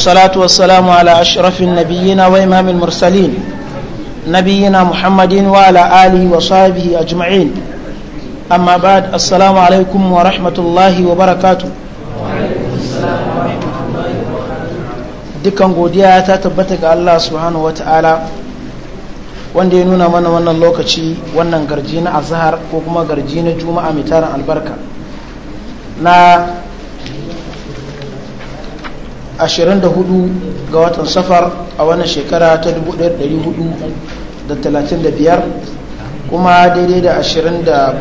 والصلاة والسلام على أشرف النبيين وإمام المرسلين نبينا محمد وعلى آله وصحبه أجمعين أما بعد السلام عليكم ورحمة الله وبركاته dukkan godiya ta tabbata ga Allah subhanahu wa ta'ala wanda ya nuna mana wannan lokaci wannan garji na azhar ko kuma garji na juma'a mai tarin albarka na 24 ga watan safar a wannan shekara ta 1435 kuma daidai da 27 ga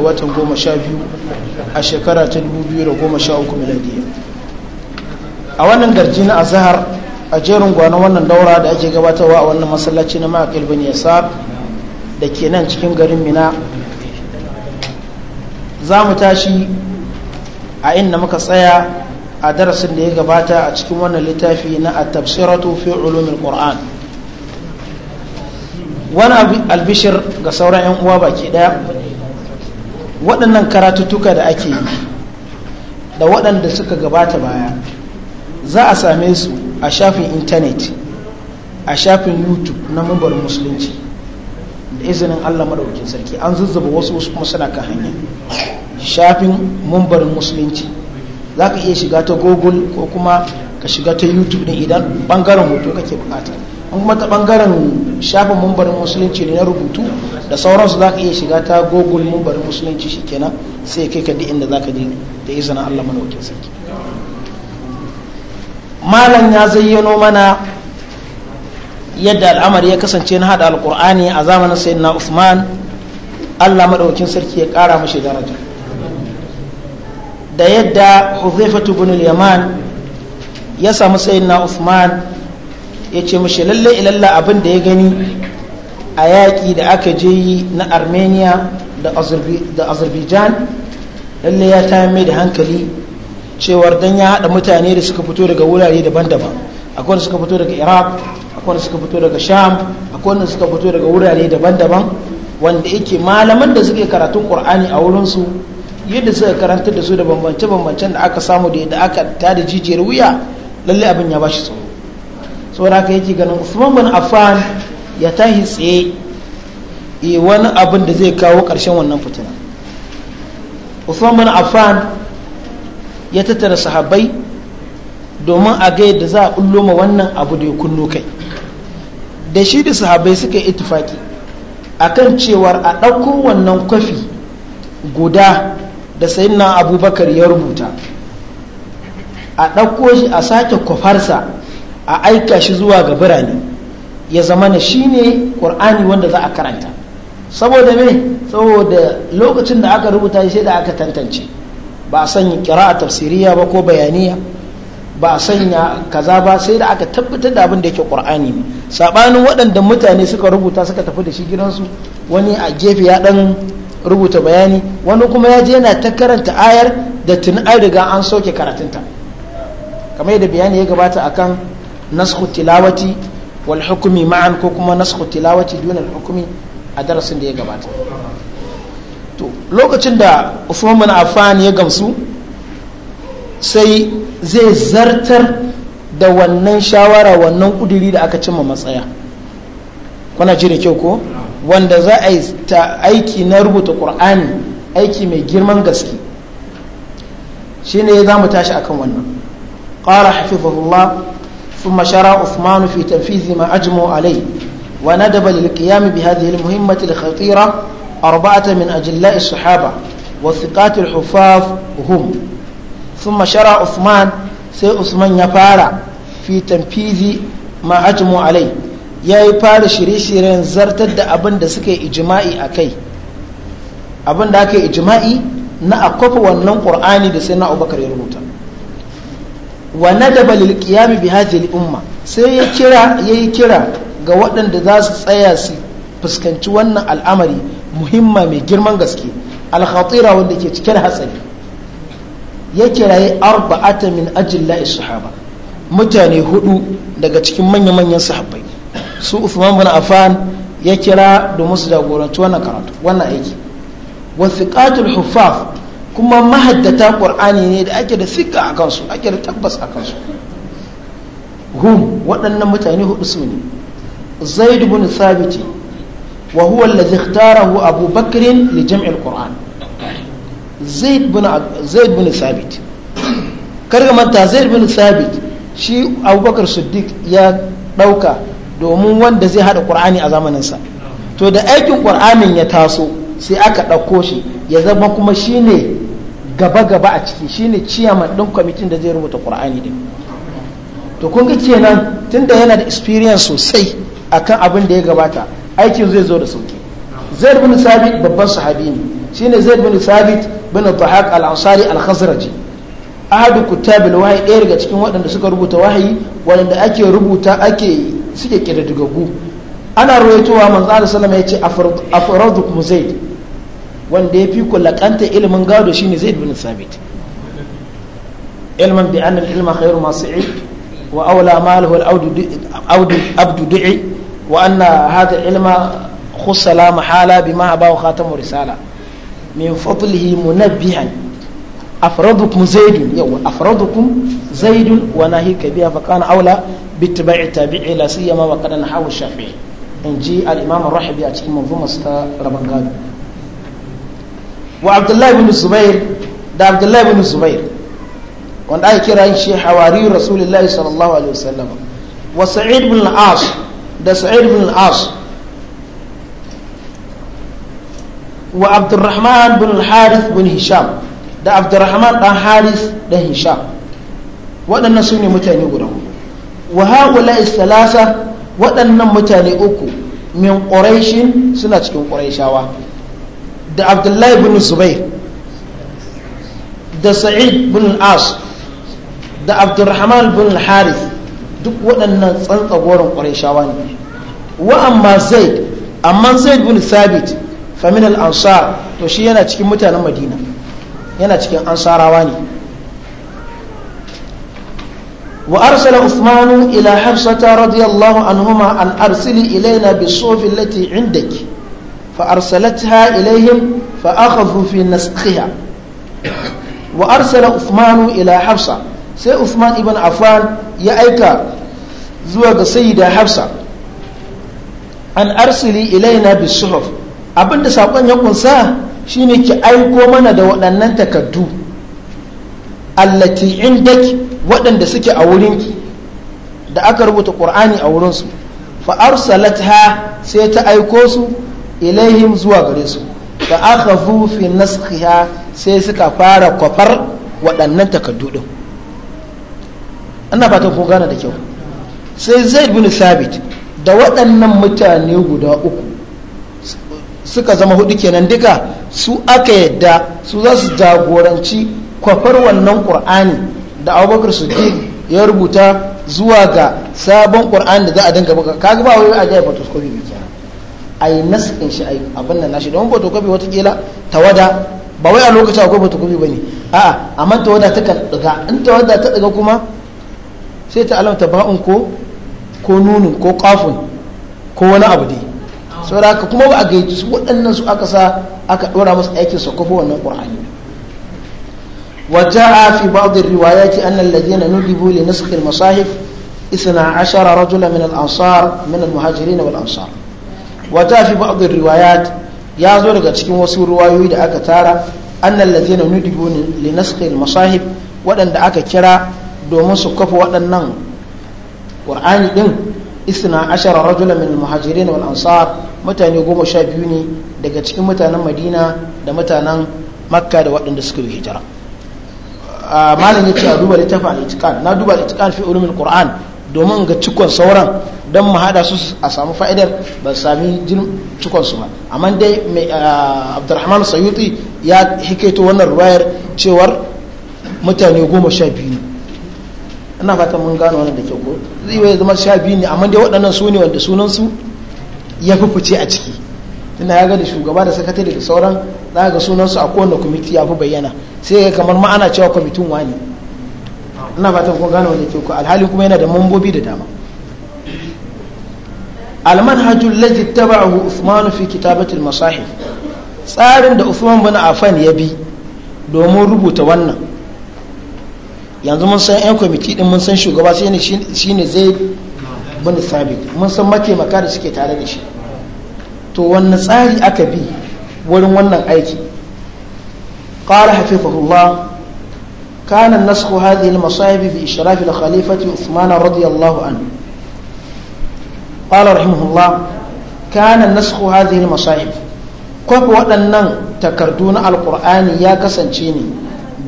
watan 12 a shekara ta 2013 miladiya a wannan darji na azahar a jerin gwanon wannan daura da ake gabatarwa a wannan masallaci na ma'akil bin yasar da ke nan cikin garin mina za mu tashi a inda muka tsaya a darasin da ya gabata a cikin wannan littafi na at-tafsiratu fi ulumin qur'an wani albishir ga sauran 'yan uwa baki daya waɗannan karatuttuka da ake yi da waɗanda suka gabata baya za a same su a shafin intanet a shafin youtube na mambar musulunci da izinin allah maɗaukin sarki an zuzzaba wasu wasu kuma suna kan hanya shafin mambar musulunci za ka iya shiga ta google ko kuma ka shiga ta youtube din idan bangaren hoto kake bukata an kuma ta bangaren shafin mumbarin musulunci ne na rubutu da sauransu za ka iya shiga ta google mumbarin musulunci shikenan sai kai ka inda za ka je da izinin allah wakil sarki malam ya zayyano mana yadda al'amari ya kasance na hada alkur'ani a zamanin sayyidina usman allah maɗaukin sarki ya kara mashi daraja da yadda huzaifatu bin yaman ya samu na usman ya ce mashi lalle ilalla abin da ya gani a yaƙi da aka je yi na armenia da azerbaijan lalle ya ta mai da hankali cewar don ya haɗa mutane da suka fito daga wurare daban-daban akwai wanda suka fito daga iraq akwai wanda suka fito daga sham akwai wanda suka fito daga wurare daban-daban wanda yake malaman da suke karatun ƙur'ani a wurinsu yadda suka karanta da su da bambance-bambancen da aka samu da yadda aka ta da jijiyar wuya lalle abin ya bashi tsoro saboda haka yake ganin Usman bin Affan ya tahi tsaye e wani abin da zai kawo ƙarshen wannan fitina Usman bin Affan ya tattara sahabbai domin a ga yadda za a kullo ma wannan abu da ya kunno kai da shi da sahabbai suka yi a akan cewar a ɗauko wannan kwafi guda da sayyidina abubakar ya rubuta a ɗauko shi a sake kwafarsa a aika shi zuwa ga birane ya zama na shi ne ƙur'ani wanda za a karanta saboda me saboda lokacin da aka rubuta sai da aka tantance ba a sanya a tafsiriya ba ko bayaniya ba a sanya kaza ba sai da aka tabbatar da abin da yake ƙur'ani ne saɓanin waɗanda mutane suka rubuta suka tafi da shi gidansu wani a gefe ya ɗan rubuta bayani wani kuma ya je yana ta karanta ayar da tuni an riga an soke karatunta kamar yadda bayani ya gabata akan naskhu tilawati wal hukumi ma'an ko kuma naskhu tilawati hukumi a darasin da ya gabata to lokacin da Usman af'an ya gamsu sai zai zartar da wannan shawara wannan kuduri da aka cimma matsaya kuna ji da kyau ko wanda za a yi ta aiki na rubuta ƙur'ani aiki mai girman gaske shi ne za mu tashi akan wannan ƙara hafifahullah sun mashara usmanu fi tafizi ma ajimu alai wa na daba lilkiyami bi hadhihi muhimmati khatira arba'ata min ajilla sahaba wa siqatul hufaf hum sun mashara usman sai usman ya fara fi tafizi ma ajimu alai ya yi fara shirye-shiryen zartar da abin da suka yi ijima'i a kai abin da aka yi ijima'i na a kwafa wannan ƙur'ani da sai na abubakar ya rubuta wa da lil qiyam bi hadhihi umma sai ya kira yayi kira ga waɗanda za su tsaya su fuskanci wannan al'amari muhimma mai girman gaske alhatsira wanda ke cikin hatsari ya kiraye arba'ata min ajin ajilla sahaba mutane hudu daga cikin manya-manyan sahabbai su Uthman bin Affan ya kira domin su jagoranci wannan karatu wannan aiki wathiqatul huffaz kuma mahaddata qur'ani ne da ake da sika a kansu ake da tabbas a kansu hum waɗannan mutane hudu su ne zaid bin thabit wa huwa alladhi ikhtarahu abu bakr li jam'il qur'an zaid bin zaid bin thabit karga manta zaid bin thabit shi abubakar siddiq ya dauka domin wanda zai hada ƙur'ani a zamaninsa to da aikin ƙur'anin ya taso sai aka ɗauko shi ya zama kuma shine gaba-gaba a ciki shine ciyaman ɗin kwamitin da zai rubuta ƙur'ani din to kun ga kenan tunda yana da experience sosai akan abin da ya gabata aikin zai zo da sauki zaid bin sabit babban sahabi ne shine zaid bin sabit bin dhahak al-ansari al-khazraji ahadu kutabil wahai wahyi ɗaya daga cikin waɗanda suka rubuta wahayi waɗanda ake rubuta ake suke kididdigaggu ana ruwaitowa manzo Allah sallama ya ce afradukum zaid wanda ya fi ku lakanta ilimin gado shine zaid bin sabit ilman bi anna al-ilma khairu ma sa'i wa awla malahu al-awd abdu du'i wa anna hadha ilma khussa la mahala bima abahu khatamu risala min fadlihi munabbihan afradukum zaidun yawa afradukum zaidun wa nahika kabiya fa kana aula bittiba'i tabi'i la siyama wa qad hawa shafi'i in ji al-imam ar-rahibi a cikin manzumarsa ta raban gado wa abdullahi ibn zubair da abdullahi ibn zubair wanda ake kira shi hawari rasulullahi sallallahu alaihi wasallam wa sa'id ibn al-as da sa'id bin al-as wa abdurrahman ibn al-harith bin hisham da abdurrahman dan haris da Hisha waɗannan su ne mutane guda wa haula waɗannan mutane uku min ƙuraishin suna cikin ƙuraishawa da abdullahi bin zubair da sa'id bin as da abdurrahman bin haris duk waɗannan tsantsagorin ƙuraishawa ne wa amma zaid amma zaid bin sabit faminal ansar to shi yana cikin mutanen madina yana cikin ansarawa ne wa arsala uthmanu ila hafsata radiyallahu anhuma an arsili ilaina bi sofi lati indak fa arsalatha ilaihim fa akhadhu fi naskhiha wa arsala uthmanu ila hafsa sai usman ibn affan ya aika zuwa ga sayyida hafsa an arsili ilaina bi suhuf abinda sakon ya kunsa shine ki aiko mana da waɗannan takardu allati indaki waɗanda suke a wurinki da aka rubuta ƙur'ani a wurinsu fa ha sai ta aiko su ilaihim zuwa gare su fa aka zufi naskiya sai suka fara kwafar waɗannan takardu ɗin. ana fatan ko gane da kyau sai zai bin sabit da waɗannan mutane guda uku suka zama hudu kenan duka su aka yadda su za su jagoranci kwafar wannan ƙur'ani da abubakar siddiq ya rubuta zuwa ga sabon ƙur'ani da za a dinga buga kaga ba wai a ga mai ne a yi naskin shi ai abin nan nashi don photocopy watakila tawada ba wai a lokacin akwai ba ne a'a amma tawada ta kan diga in tawada ta daga kuma sai ta alamta ba'un ko ko nunun ko kafin ko wani abu dai sauraka kuma ba a gaji waɗannan su aka sa aka ɗora masu aikin sakwafo wannan ƙwarhani wata a ba da riwaya ki an lallaje na nudi buli na sukin masahif na al'ansar min al ba da riwaya ya zo daga cikin wasu riwayoyi da aka tara an lallaje na nudi buli masahif waɗanda aka kira domin su waɗannan ƙwarhani ɗin isa na ashara rajula mutane goma sha biyu ne daga cikin mutanen madina da mutanen makka da waɗanda suka yi hijira a malin ya ce a duba littafin al'itikan na duba al'itikan fi ulumin qur'an domin ga cikon sauran don mu haɗa su a samu fa'idar ba sami jin cikon su ba amma dai mai abdurrahman sayuti ya hikaito wannan ruwayar cewar mutane goma sha biyu ne ina fatan mun gano wannan da ke ko zai zama sha biyu ne amma dai waɗannan su ne wanda sunansu ya fufuce a ciki tunda ya ga shugaba da sakatare da sauran za ga sunansu a kowane kwamiti ya fi bayyana sai ya kamar ma ana cewa kwamitin wani ina fatan kun gane wani ke alhali kuma yana da mambobi da dama Alman المنهج الذي اتبعه عثمان fi kitabatul المصاحف tsarin da usman bin afan ya bi domin rubuta wannan yanzu mun san 'yan kwamiti din mun san shugaba shi shine zai bani sabit mun san mataimaka da suke tare da shi to wani tsari aka bi wurin wannan aiki ƙara hafi fahimma kanan nasu hadi na bi ishirafi da khalifati usmana radiyallahu an ƙara rahimahullah kanan nasu hadi na masahibi waɗannan takardu na alƙur'ani ya kasance ne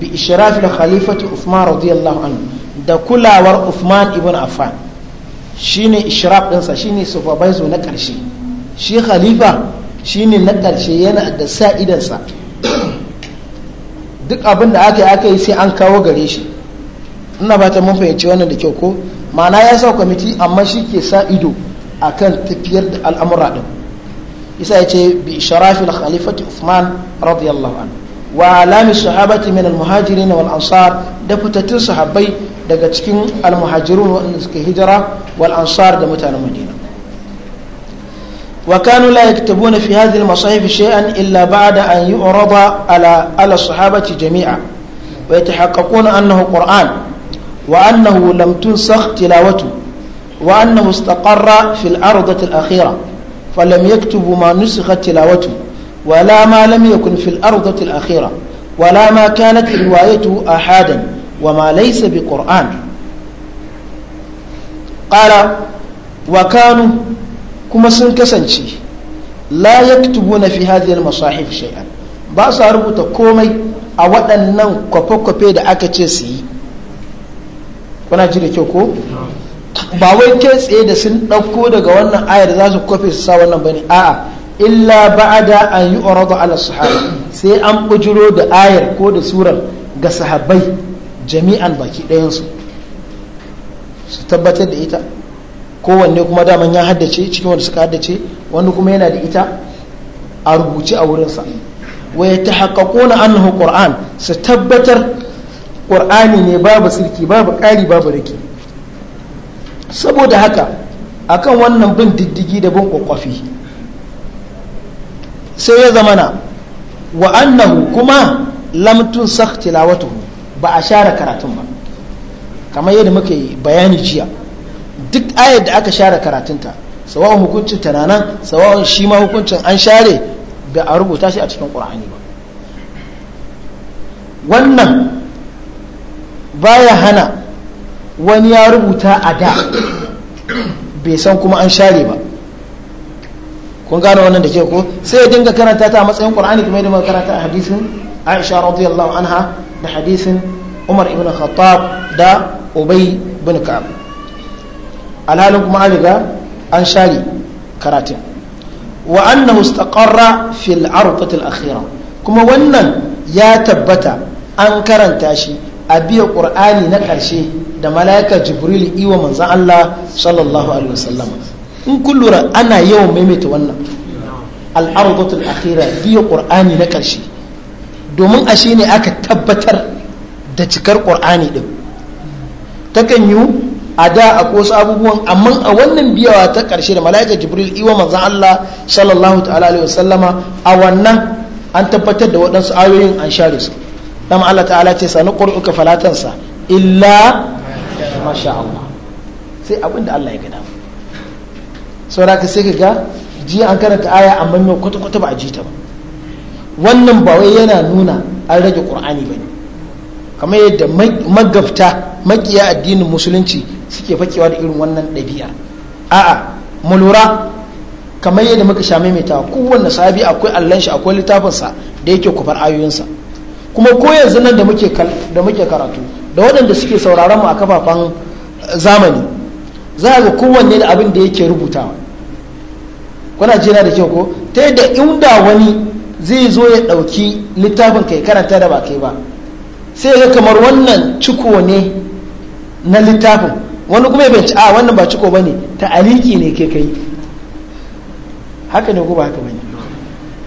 bi ishirafi da khalifati usmana radiyallahu an da kulawar usman ibn affan shine ishraf ɗinsa shine supervisor na ƙarshe shi khalifa shine na ƙarshe yana da sa idansa duk abin da aka yi aka yi sai an kawo gare shi ina ba ta mun fahimci wannan da kyau ko ma'ana ya sa kwamiti amma shi ke sa ido akan tafiyar da al'amura ɗin isa ya ce bi sharafin da khalifati uthman radiyallahu an wa alami sahabati min al-muhajirin wal ansar da fitattun sahabbai daga cikin almuhajirun waɗanda suka hijira wal ansar da mutanen madina wa kanu la yaktabuna fi hadhihi al-masahif shay'an illa ba'da an yu'rada ala ala sahabati jami'a bai yatahaqqaquna annahu qur'an wa annahu lam tunsakh tilawatu wa annahu istaqarra fi al-ardati al-akhirah falam yaktubu ma nusikhat tilawatu ولا ما لم يكن في الأرضة الأخيرة ولا ما كانت روايته أحدا وما ليس بقرآن sun kasance كما سنكسنشي لا يكتبون في هذه المصاحف شيئا ba su rubuta komai a waɗannan kwafe-kwafe da aka ce su yi kuna ji da kyau ko ba wai kai tsaye da sun ɗauko daga wannan ayar za su kwafe su sa wannan bane a'a illa ba'ada an yi uradu ala sahaba sai an bujiro da ayar ko da surar ga sahabbai jami'an baki ɗayansu su tabbatar da ita kowanne kuma daman ya haddace cikin wanda suka haddace wanda kuma yana da ita a rubuce a wurinsa waya ta na annahu ƙor'an su tabbatar ƙur'ani ne babu tsirki babu ƙari babu riki saboda haka akan wannan bin diddigi da bin ƙwaƙwafi sai ya zamana wa annahu kuma lamtun tun tilawatuhu ba a share karatun ba kamar yadda muke bayani jiya duk ayar da aka share karatunta sawa'un hukuncin tananan nan sawa'un shi ma hukuncin an share ba a rubuta shi a cikin ƙura'ani ba wannan baya hana wani ya rubuta a da bai san kuma an share ba kun gane wannan da ke ko sai ya dinga karanta ta a matsayin ƙura'ani kuma yadda muka karanta a hadisin aisha radiyallahu anha da hadisin umar ibn khattab da ubay bin ka'ab alhalin kuma an riga an karatun wa annahu istaqarra fil arqati al akhira kuma wannan ya tabbata an karanta shi a biya qur'ani na karshe da malaika jibril iwa manzon Allah sallallahu alaihi wasallam in kullura ana yawan maimaita wannan al arqati al akhira biya qur'ani na karshe domin a shi ne aka tabbatar da cikar ƙur'ani ɗin takan yi a da a wasu abubuwan amma a wannan biyawa ta ƙarshe da mala'ika jibril iwa manzan allah sallallahu ta'ala alaihi wasallama a wannan an tabbatar da waɗansu ayoyin an share su dan allah ta'ala ce sani ƙur'uka falatansa illa masha allah sai abin da allah ya gada saura ka sai ka ga jiya an karanta aya amma mai kwata-kwata ba a ji ta ba wannan ba wai yana nuna an rage ƙur'ani ba ne kamar yadda magabta makiya addinin musulunci suke fakewa da irin wannan ɗabi'a a'a mu lura kamar yadda muka sha maimaitawa kowanne sahabi akwai allon shi akwai littafinsa da yake kufar ayoyinsa kuma ko yanzu nan da muke da karatu da waɗanda suke sauraron mu a kafafen zamani za ga kowanne da abin da yake rubutawa kuna jira da kyau ko ta yadda inda wani zai zo ya ɗauki littafin kai karanta da ba kai ba sai ya kamar wannan ciko ne na littafin wani kuma ya binci a wannan ba ciko ba ne ta aliki ne ke kai haka ne ko ba haka bane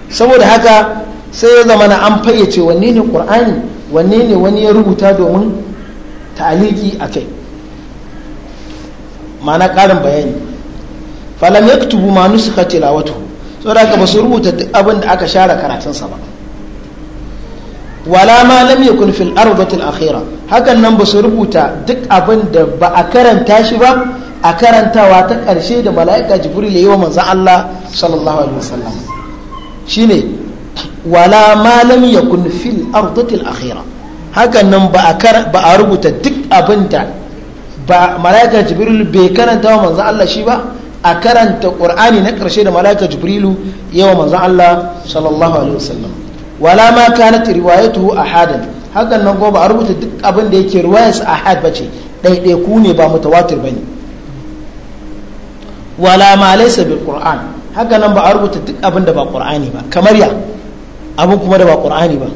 saboda haka sai ya zama na an fayyace wanne ne ƙur'ani wanne ne wani ya rubuta domin aliki a kai ma'ana ƙarin bayani falam yaktubu ma nusikha wato. saboda haka ba su rubuta duk abin da aka share karatunsa ba wala ma lam yakun fil ardatil akhira hakan nan ba su rubuta duk abin da ba a karanta shi ba a karantawa ta karshe da mala'ika jibril yayi wa manzon Allah sallallahu alaihi wasallam shine wala ma lam yakun fil ardatil akhira hakan nan ba a rubuta duk abin da ba mala'ika jibril bai karanta wa manzon Allah shi ba a karanta qur'ani na karshe da malaika jibrilu yawa manzon Allah sallallahu alaihi wasallam wala ma kanat riwayatuhu ahadan hakan nan gobe a rubuta duk abin da yake riwayas ahad bace ku ne ba mutawatir bane wala ma laysa bil qur'an hakan nan ba a rubuta duk abin da ba qur'ani ba kamar ya abin kuma da ba qur'ani ba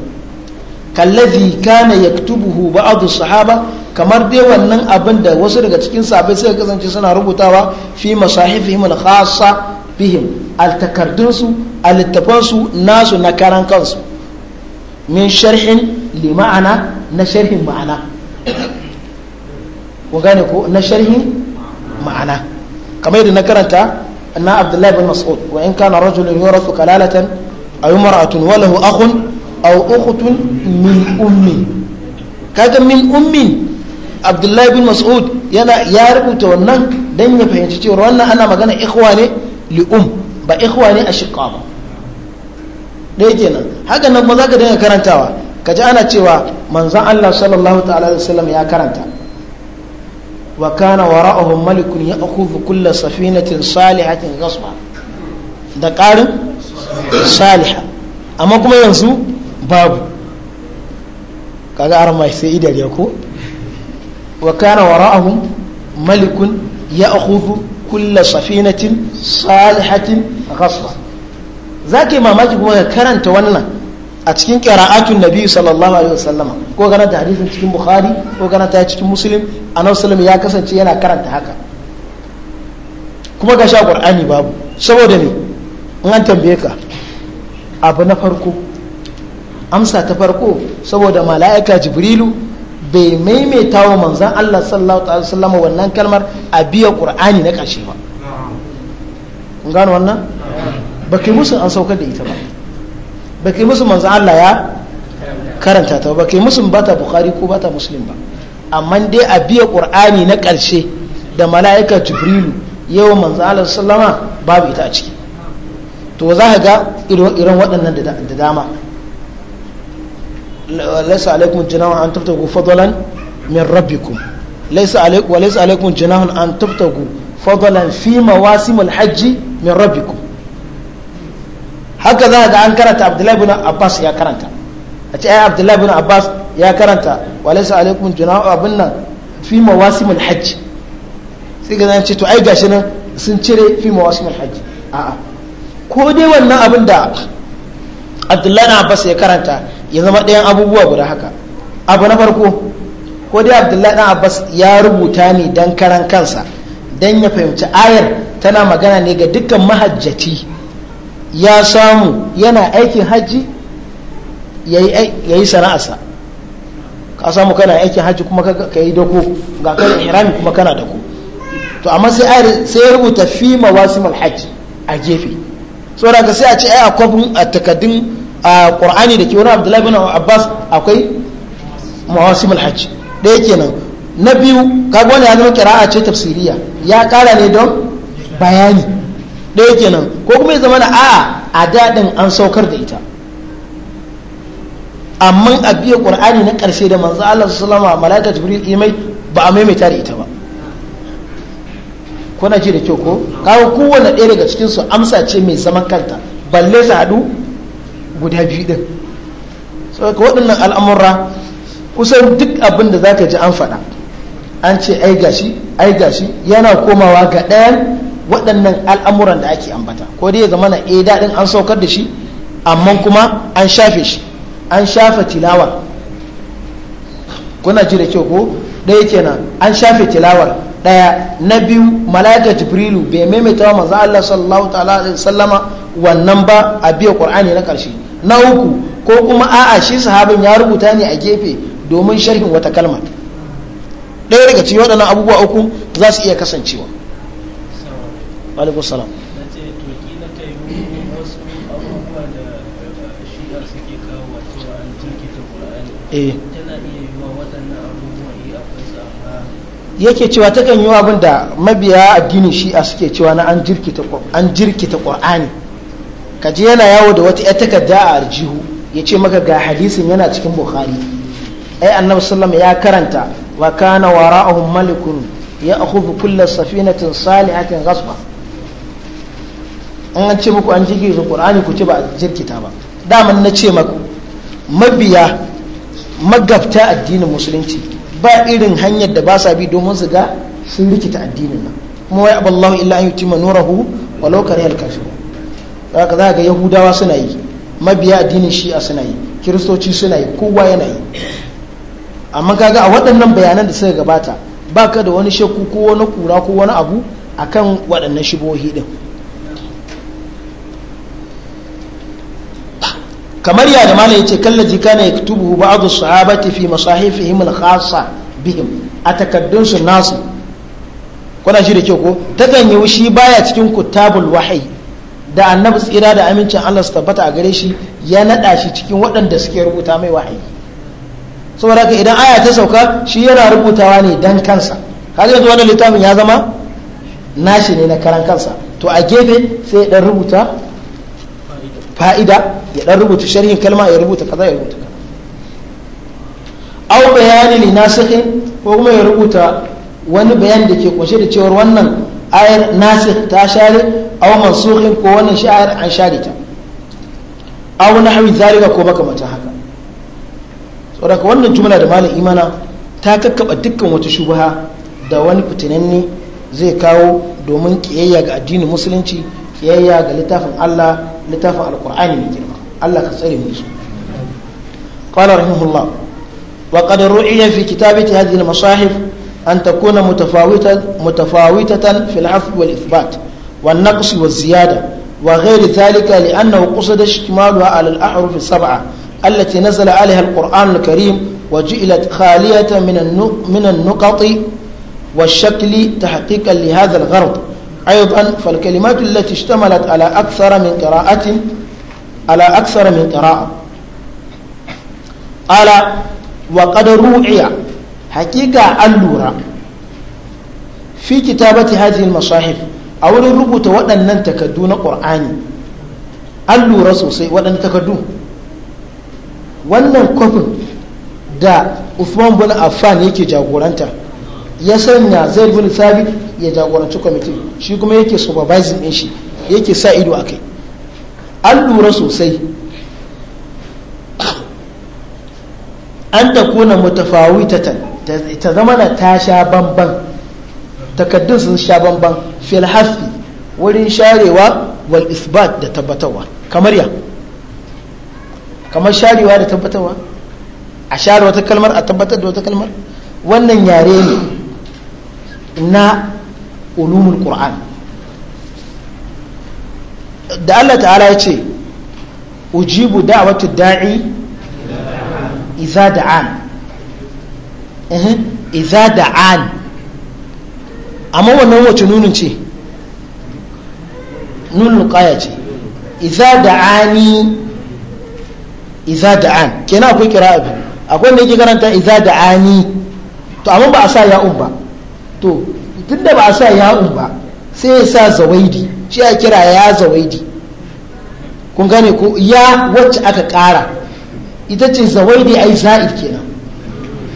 kallazi kana yaktubuhu ba'adu sahaba kamar dai wannan abin da wasu daga cikin sahabbai suka kasance suna rubutawa fi masahifihim al-khassa bihim al-takardunsu al-littafansu nasu na karan kansu min sharhin li ma'ana na sharhin ma'ana ku gane ko na sharhin ma'ana kamar yadda na karanta na abdullahi bin mas'ud wa in kana rajulun yurathu kalalatan aw imra'atun wa lahu akhun aw ukhtun min ummi kaga min ummin abdullahi bin mas'ud yana ya rubuta wannan dan ya fahimci cewa wannan ana magana ikhwa ne li um ba ikhwa ne ashiqa ba dai kenan haka nan maza ka dinga karantawa kaji ana cewa manzon Allah sallallahu ta'ala alaihi wasallam ya karanta wa kana wara'ahum malikun ya'khudhu kulla safinatin salihatin ghasba da qarin salihah amma kuma yanzu babu kaga arma sai idar ko wa kana wara'ahum malikun ya akhudhu kulla safinatin salihatin ghasba zaki mamaki kuma ka karanta wannan a cikin qira'atun nabi sallallahu alaihi wasallama ko gana da hadisin cikin bukhari ko gana ta cikin muslim annabi sallallahu ya kasance yana karanta haka kuma ga sha qur'ani babu saboda ne in an tambaye ka abu na farko amsa ta farko saboda mala'ika jibrilu bai maimaita wa manzan Allah sallallahu alaihi wasallam wannan kalmar a biya qur'ani na ƙarshe ba kun gano wannan ba kai musu an saukar da ita ba ba kai musu manzan Allah ya karanta ta ba kai musu bata bukhari ko bata muslim ba amma dai a biya qur'ani na ƙarshe da mala'ika jibrilu yau manzan Allah sallama babu ita a ciki to za ka ga irin waɗannan da dama laysa alaykum junahun an tabtagu fadlan min rabbikum laysa alaykum wa an tabtagu fadlan fi mawasim alhajj min rabbikum haka za ga an karanta abdullahi ibn abbas ya karanta a ce ai abdullahi ibn abbas ya karanta wa fi mawasim alhajj sai sun cire fi mawasim alhajj a'a ko dai wannan abin da abdullahi ya karanta ya zama ɗayan abubuwa guda haka abu na farko ko dai abdullahi ɗan abbas ya rubuta ne don karan kansa dan ya fahimci ayar tana magana ne ga dukkan mahajjati ya samu yana aikin hajji ya yi sana'arsa ka samu kana aikin hajji kuma ka yi dako ga kai ihrami kuma kana dako to amma sai ayar sai ya rubuta fi mawasimul hajji a gefe saboda ka sai a ce ai a kwabin a takaddun a qur'ani da ke wani abdullahi bin abbas akwai muhasim hajj ɗaya kenan na biyu kaga ya zama kira'a ce tafsiriya ya kara ne don bayani ɗaya kenan ko kuma ya zama na a a daɗin an saukar da ita amma a biya qur'ani na ƙarshe da manzo Allah sallama malaika jibril imai ba a maimaita da ita ba kuna ji da kyau ko kawo kowane ɗaya daga cikin su amsa ce mai zaman kanta balle su haɗu guda biyu din saboda waɗannan al'amura kusan duk abin da zaka ji an faɗa an ce ai gashi ai gashi yana komawa ga ɗayan waɗannan al'amuran da ake ambata ko dai ya zama na eh daɗin an saukar da shi amma kuma an shafe shi an shafe tilawar kuna ji da kyau ko ɗaya kenan an shafe tilawar ɗaya na biyu malaka jibrilu bai maimaita wa manzo Allah sallallahu ta'ala alaihi sallama, wannan ba a biya qur'ani na ƙarshe na uku ko kuma a'a shi sahabin ya rubuta ne a gefe domin sharhin wata kalma ɗaya daga cikin waɗannan abubuwa uku za su iya kasancewa eh. yake cewa takan yi abin da mabiya addinin shi'a suke cewa na an jirkita ƙwar'ani ka je yana yawo da wata 'yar da a arjihu ya ce maka ga hadisin yana cikin bukhari ai annabi sallama ya karanta wa kana wara'ahum malikun ya akhudhu kulla safinatin salihatin ghasba an ce muku an jige su qur'ani ku ce ba jirkita ba daman na ce maku mabiya magabta addinin musulunci ba irin hanyar da ba sa bi domin su ga sun rikita addinin nan kuma wai aballahu illa an yutima nurahu walau karihal kafirun za ga yahudawa suna yi mabiya addinin shi'a suna yi kiristoci suna yi kowa yana yi amma kaga a waɗannan bayanan da suka gabata ba ka da wani shakku ko wani kura ko wani abu akan waɗannan shibohi ɗin kamar yadda mala ya ce kallaji kana ya tubu ba'adu sahabati fi masahifihim himil khasa bihim a takardunsu nasu kuna shi da kyau ko takan yi shi baya cikin kutabul wahayi da annabi tsira da amincin Allah su tabbata a gare shi ya naɗa shi cikin waɗanda suke rubuta mai wahayi saboda haka idan aya ta sauka shi yana rubutawa ne dan kansa har yanzu wannan littafin ya zama nashi ne na karan kansa to a gefe sai ya dan rubuta fa'ida ya dan rubuta sharhin kalma ya rubuta kaza ya rubuta kaza au bayani li nasikhin ko kuma ya rubuta wani bayani da ke kunshe da cewar wannan ayar nasikh ta share aw mansukhin ko wannan sha'ar an share ta aw nahwi zalika ko mata haka saboda wannan jumla da malam imana ta kakkaba dukkan wata shubha da wani fitinanne zai kawo domin kiyayya ga addinin musulunci kiyayya ga littafin Allah littafin alkur'ani mai girma Allah ka tsare mu su qala rahimahullah wa qad ru'iya fi kitabati hadhihi al-masahif an takuna mutafawitatan mutafawitatan fil wal ithbat والنقص والزيادة وغير ذلك لأنه قصد اشتمالها على الأحرف السبعة التي نزل عليها القرآن الكريم وجئلت خالية من من النقط والشكل تحقيقا لهذا الغرض أيضا فالكلمات التي اشتملت على أكثر من قراءة على أكثر من قراءة على وقد روعي حقيقة اللورة في كتابة هذه المصاحف a wurin rubuta waɗannan takardu na ƙur'ani an lura sosai waɗannan takardu wannan kwafin da usman bin Affan yake jagoranta ya sanya zai bin ya jagoranci kwamitin shi kuma yake supervising din shi yake sa ido a kai an lura sosai an ta kuna mutafawitatan ta zama na tasha bamban takaddun sun sha bamban fil hafi wurin sharewa wal isbat da tabbatarwa kamar ya kamar sharewa da tabbatarwa a share wata kalmar a tabbatar da wata kalmar wannan yare ne na ulumul qur'an da Allah ta'ala ya ce ujibu da'watu da'i iza da'an iza da'an amma wannan wace nunin ce nunin kaya ce iza da'ani iza ke kenan akwai kira biyu akwai da yake karanta iza da'ani to amma ba a sa ya'un ba to da ba a sa ya'un ba sai ya sa zawaidi shi ya kira ya zawaidi kun gane ko ya wacce aka kara ita ce zawaidi ai za'id kenan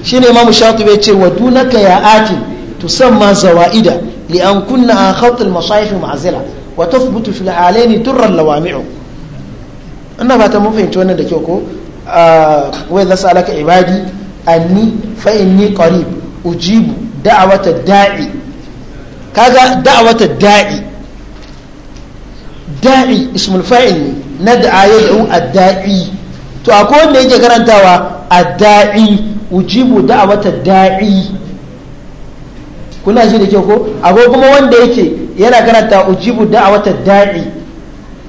shine imamu shatibi ya ce wa dunaka ya atin تسمى زوائد لأن كنا خط المصايف معزلة وتثبت في الحالين تر اللوامع أنا فاتا مو فهمت وانا دكيوكو آه وإذا سألك عبادي أني فإني قريب أجيب دعوة الداعي كذا دعوة الداعي da'i ismul fa'il na da'a ya da'u adda'i to akwai wanda yake karantawa adda'i ujibu da'awata da'i kuna shi da kyau ko akwai kuma wanda yake yana karanta ujibu da'awata da'i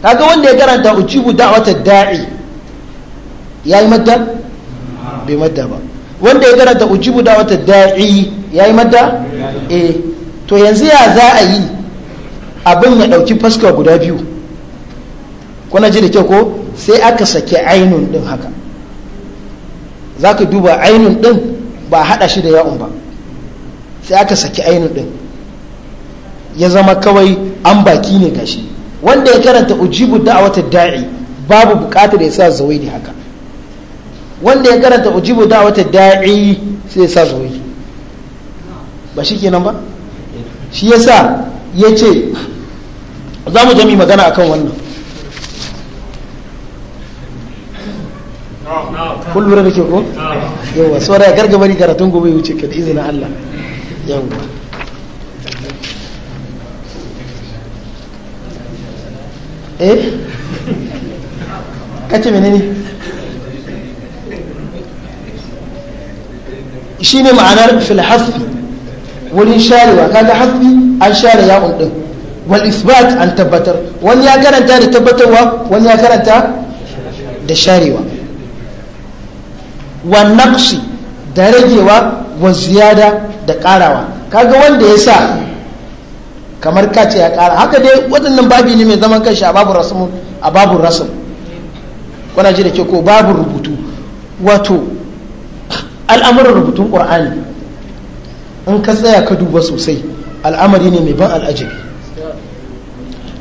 kaga wanda ya karanta ujibu da'awata da'i yayi madda bai madda ba wanda ya karanta ujibu da'awata da'i yayi madda eh to yanzu ya za a yi abin ya dauki fuska guda biyu kuna ji da kyau ko sai aka sake ainun din haka Za ka duba ainun din ba hada shi da ya'un ba sai aka saki ainihin din ya zama kawai an baki ne gashi wanda ya karanta ujibu da'awata da'i babu bukatar ya sa da haka wanda ya karanta ujibu da'awata da'i sai ya sa zawaidi ba shi kenan ba shi ya sa ya ce za mu jami magana akan wannan kullum da ke ko wasu wadda ya gargaba ni karatun gobe wuce ka izinin Allah yawwa eh kace menene shine ma'anar fil wurin sharewa kaga an share ya'un din wal isbat an tabbatar wani ya karanta da tabbatarwa wani ya karanta da sharewa wa naqsi da ragewa wa ziyada da karawa kaga wanda ya sa kamar kace ya kara haka dai waɗannan babi ne mai zaman kanshi a babu rasmu a babu rasm kuna ji da ke ko babu rubutu wato al'amuran rubutun qur'ani in ka tsaya ka duba sosai al'amari ne mai ban al'ajabi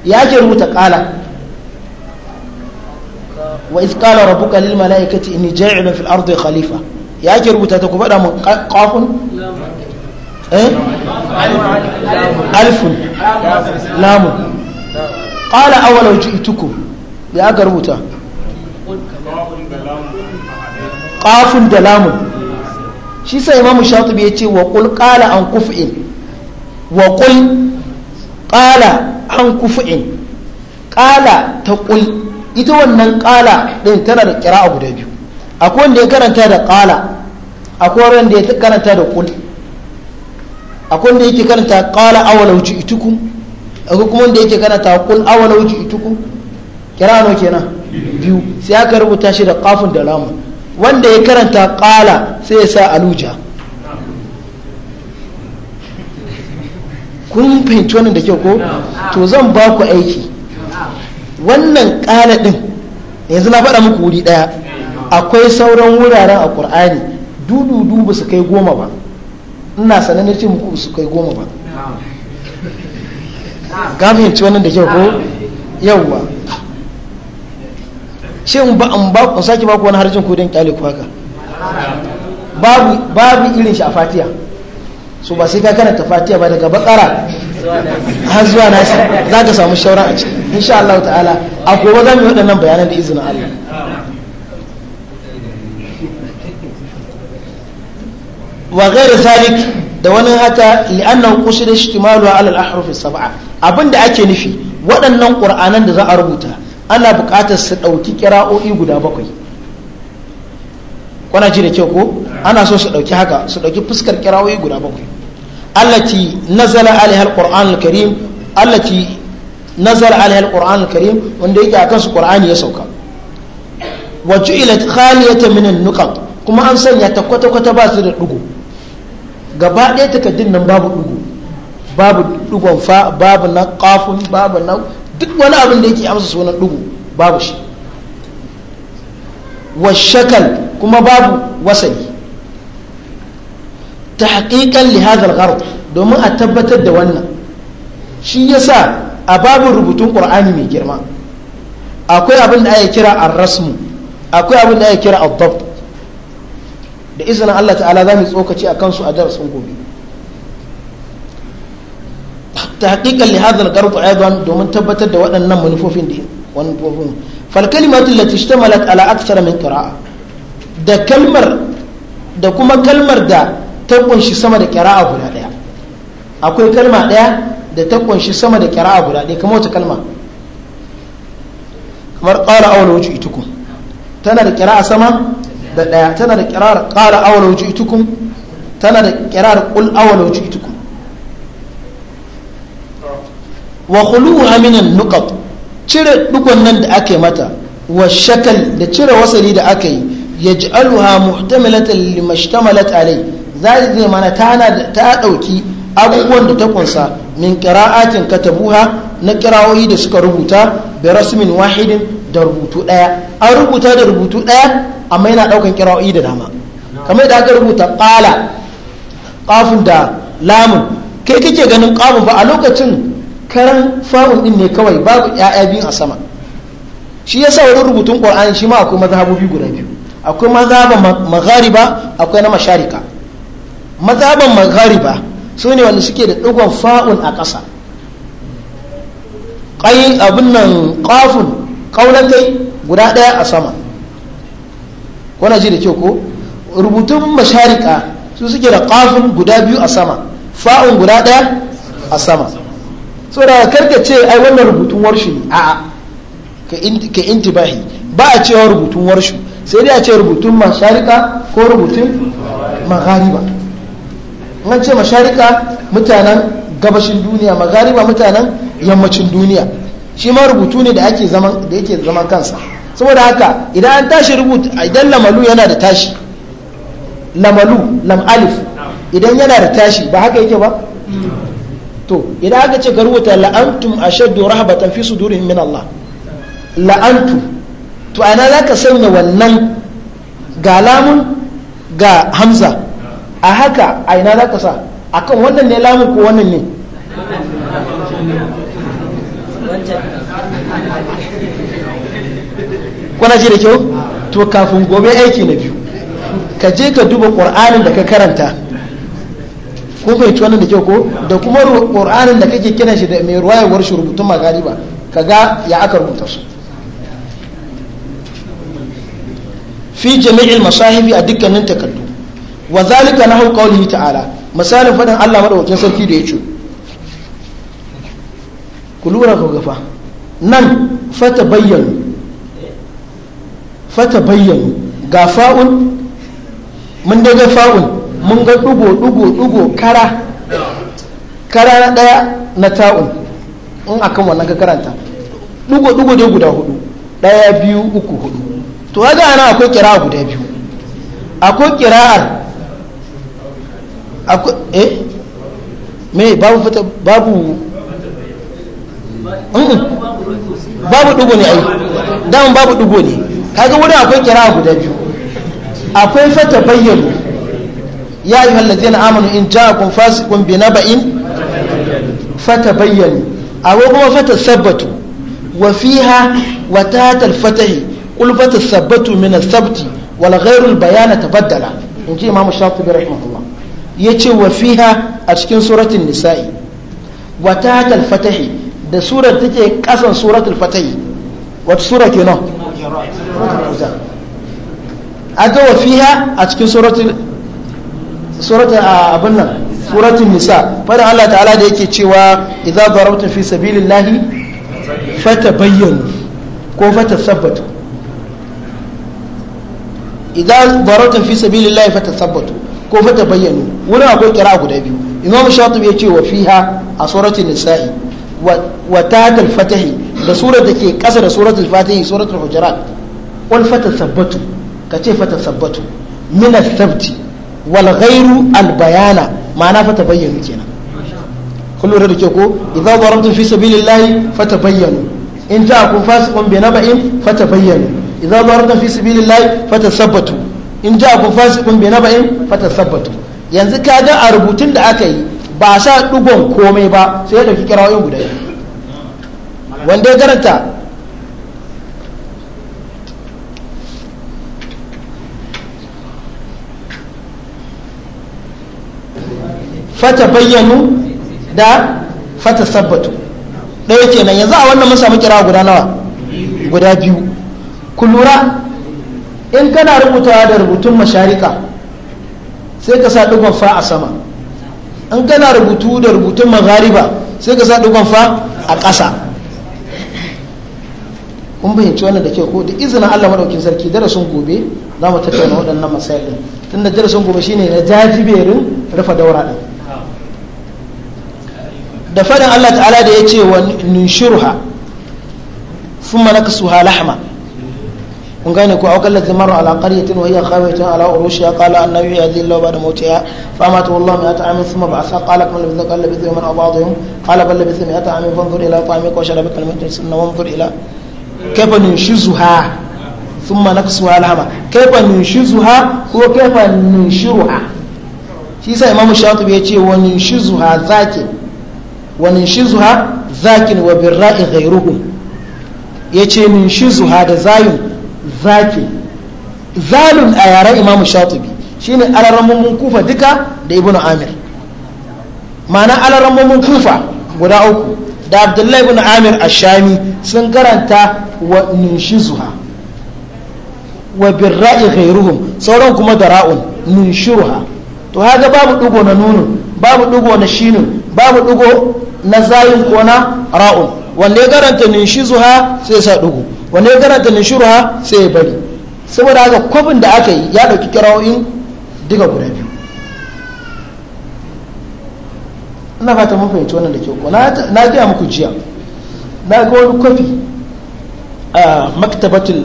ya ke rubuta kala wa iz qala rabbuka lil mala'ikati inni ja'ilun fil ardi khalifa ya ke rubuta ta ku faɗa mu ƙafun eh? alfun lamu ƙala awalau ji'tukum ya ga rubuta ƙafun da lamu shi sai imamu shatubi ya ce wa kul qala an kuf'in wa kul qala an kuf'in qala ta kul ita wannan qala din tana da qira'a guda biyu akwai wanda ya karanta da kala akwai wanda ya karanta da kul akwai wanda yake karanta kala awala wuce ituku akwai kuma wanda yake karanta kul awala wuce ituku kira no kenan biyu sai aka rubuta shi da kafin da ramu wanda ya karanta ƙala sai ya sa aluja kun fahimci wannan da kyau ko to zan ba ku aiki wannan ƙala ɗin yanzu na faɗa muku wuri ɗaya akwai sauran wuraren a ƙur'ani dudu ba su kai goma ba ina sanar cin ce muku su kai goma ba ka ci wannan da kyau ko yawwa shi in ba in ba in sake baku wani harjin kudin don kyale ku haka babu irin shi a fatiya so ba sai ka ta fatiya ba daga bakara har zuwa nasi za ka samu shauran a ciki insha Allah ta'ala a gobe za mu yi waɗannan bayanan da izinin Allah wa ghairu zalik da wani hata haka li'annahu qusida ishtimalu a alal ahruf as-sab'a abinda ake nufi waɗannan qur'anan da za a rubuta ana buƙatar su ɗauki kira'o'i guda bakwai kuna ji da kyau ko ana so su ɗauki haka su ɗauki fuskar kira'o'i guda bakwai allati nazala alaiha al-qur'an al-karim allati nazala alaiha ƙur'an quran al-karim wanda yake akan su qur'ani ya sauka wa ju'ilat khaliyatan min an-nuqat kuma an sanya ta kwata-kwata ba su da dugu gaba ɗaya takardun nan babu ɗugu babu ɗugon fa babu na kafin babu na duk wani abin da yake amsa sunan ɗugu babu shi washakal kuma babu wasali ta haƙiƙan lihazar garo domin a tabbatar da wannan shi yasa a babin rubutun ƙur'ani mai girma akwai abin da ake kira ar-rasmu akwai abin da ake kira ad da izinin Allah ta'ala za mu tsokaci a kansu a darasin gobe ta haƙiƙa تحقيقا لهذا الغرض ايضا domin tabbatar da waɗannan manufofin da manufofin fal kalimatu allati ishtamalat ala akthar min qira'a da kalmar da kuma kalmar da ta kunshi sama da qira'a guda ɗaya, akwai kalma ɗaya da ta kunshi sama da qira'a guda ɗaya kamar wata kalma kamar qala awla wajitukum tana da qira'a sama da ɗaya tana da kirar ƙara awalau ji'tukum tana da kirar qul awalau ji'tukum wa khuluha min cire dukwan nan da ake mata wa shakal da cire wasali da aka yi yaj'aluha muhtamilatan limashtamalat alai zai zai mana tana ta dauki abubuwan da ta kunsa min qira'atin katabuha na kirawoyi da suka rubuta bi rasmin wahidin da rubutu daya an rubuta da rubutu daya amma yana daukan kira'o'i da dama kamar da aka rubuta qala qafun da lamun kai kake ganin qafun ba a lokacin karan famun din ne kawai babu ya'ya biyu a sama shi yasa wurin rubutun qur'ani shi ma akwai mazhabobi guda biyu akwai mazhaban maghariba akwai na masharika mazhaban maghariba su ne wanda suke da dogon fa'un a ƙasa ƙai abin nan ƙafun ƙaunatai guda ɗaya a sama wana ji da kyau ko rubutun masharika su suke da kafin guda biyu a sama fa'un guda ɗaya a sama so da karka ce ai wannan rubutun warshu ne a'a ka intibahi ba a cewa rubutun warshu sai dai a ce rubutun masharika ko rubutun maghariba an ce masharika mutanen gabashin duniya maghariba mutanen yammacin duniya shi ma rubutu ne da ake zaman kansa saboda haka idan an tashi rubuta idan lamalu yana da tashi lamalu lam alif idan yana da tashi ba haka yake ba to idan aka ce ka rubuta la'antum ashaddu rahbatan fi sudurihim min Allah la'antu. to ana zaka sanya wannan ga lamun ga hamza a haka a ina zaka sa akan wannan ne lamun ko wannan ne kuna ji da kyau to kafin gobe aiki na biyu ka je ka duba ƙur'anin da ka karanta ko kai wannan da kyau ko da kuma ƙur'anin da kake kiran shi da mai ruwayewar shi rubutun ba ka ga ya aka rubuta su fi jami'il masahibi a dukkanin takardu wa zalika hau qawlihi ta'ala misalin fadin Allah madaukakin sarki da yace ku lura ku gafa nan fata bayyana fata bayyanu ga fa'un mun daga fa'un mun ga dugo dugo dugo kara kara na daya na ta'un in akan wannan ga karanta dugo dugo dai guda hudu daya biyu uku hudu to haka ana akwai kira guda biyu akwai kira'ar akwai eh me babu fata babu babu dugo ne ai dan babu dugo ne kaga wurin akwai kira guda biyu akwai fata bayyano ya yi hallazi na amanu in ja kun fasi kun bi na ba'in fata bayyano akwai kuma fata sabbatu wa fiha wa tatal fatahi kul fata sabbatu min sabti wal ghairul bayana tabaddala in ji imamu shafi'i rahimahullah yace wa fiha a cikin suratul nisa'i wa tatal fatahi da surar take kasan suratul fatahi wata sura kenan aga wa fiha a cikin suratul suratul abin nan suratul nisa fadin Allah ta'ala da yake cewa idza darabtum fi sabilillahi fatabayyanu ko fatathabbatu idza darabtum fi sabilillahi fatathabbatu ko bayyanu wani akwai kira guda biyu imam shatibi ya ce wa fiha a suratul nisa'i wa tatal fatahi da surar da ke ƙasa da surar yi fatihi suratul hujurat wal fata sabbatu ka ce fata sabbatu min sabti wal ghairu al bayana ma'ana fata bayyanu kenan kun lura da ke ko idza darabtum fi sabilillahi fata bayyanu in ta kun fasiqun bi naba'in fata bayyanu idza darabtum fi sabilillahi fata sabbatu in ta kun fasiqun bi naba'in fata sabbatu yanzu ka ga a rubutun da aka yi ba sa dugon komai ba sai da dauki kirawoyin guda biyu wanda ya karanta fata bayyanu da fata sabbatu ɗaya kenan yanzu a wannan mun samu kira guda nawa guda biyu ku lura in kana rubutawa da rubutun masharika sai ka sa ɗugon fa a sama in kana rubutu da rubutun maghariba sai ka sa ɗugon fa a ƙasa kun bayyance wannan da ke ko da izinin Allah madaukin sarki darasin gobe za mu tattauna waɗannan masayin tun tunda darasin gobe shine na jajiberin rufe daura ɗin da faɗin Allah ta'ala da ya ce wa sun thumma naksuha halahama kun gane ko aukar lati maru ala qaryatin wa hiya khawiyatun ala urushiha qala anna yuhyi Allah ba'da ta fa amatu Allah ma ta'amin thumma ba'atha qala kam labitha qala labitha yawman aw kala qala labisa labitha ta amin fanzur ila ko shara bi kalmatin tansunna wanzur ila kaifa nunshizuha na naksuha alhama kaifa zuha ko kaifa ruha shi sa imamu shatibi yace wa zuha zakin wa nunshizuha zakin wa birra'i ghayruhum yace zuha da zayun zakin zalun a yaren imamu shatibi shine alarramun kufa duka da ibn amir ma'ana alarramun kufa guda uku da abdullahi bin amir ashami sun karanta wa zuha wa birra'i ghairuhum sauran kuma da ra'un nunshiruha to haga babu dugo na nunu babu dugo na shinin babu dugo na zayin ko na ra'un wanda ya karanta zuha sai sa dugo wanda ya karanta nunshiruha sai ya bari saboda haka kwabin da aka yi ya dauki kira'o'in diga guda biyu ina fata mun fahimci wannan da kyau ko na gaya muku jiya na ga wani kwafi a maktabatul